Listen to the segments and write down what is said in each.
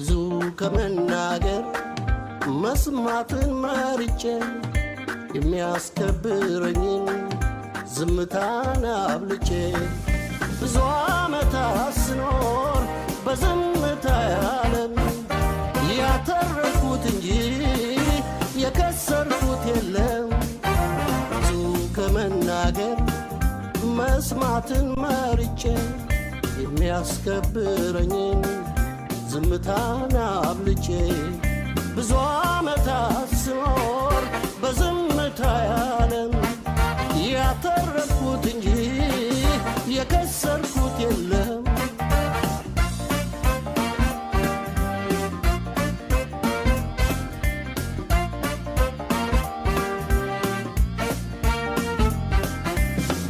ብዙ ከመናገር መስማትን መርጬ የሚያስከብረኝን ዝምታን አብልጬ ብዙ ዓመታት ስኖር በዝምታ ያለም ያተረኩት እንጂ የከሰርኩት የለም። ብዙ ከመናገር መስማትን መርጬ የሚያስከብረኝን ዝምታን አብልጬ ብዙ ዓመታት ስኖር በዝምታ ያለም ያተረፍኩት እንጂ የከሰርኩት የለም።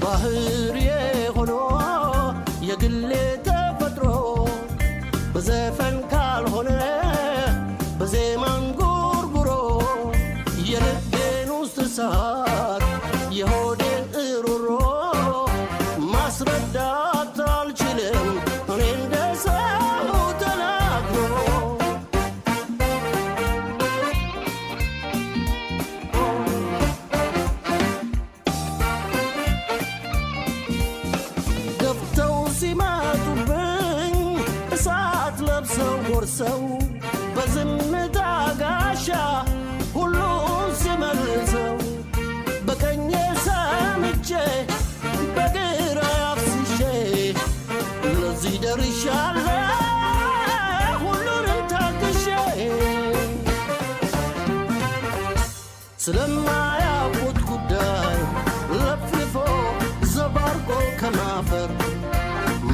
ባህር የሆኖ የግሌ በዘፈን ካልሆነ በዜማን ጎርጉሮ የልቤን ውስጥ ሳ ሲደርሰው በዝምታ ጋሻ ሁሉን ሲመልሰው በቀኜ ሰምቼ በግራ አፍስሼ ለዚህ ደርሻለሁ። ስለማያውቁት ጉዳይ ለፍልፎ ዘባርቆ ከማፈር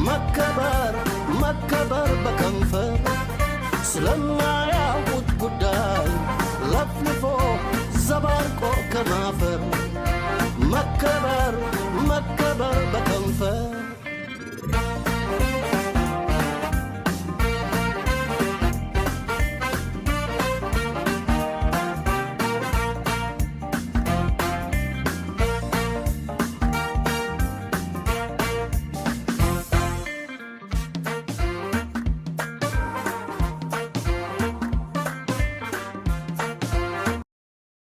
መከበር ስለማያውቁት ጉዳይ ለፍልፎ ዘባርቆ ከማፈር መከ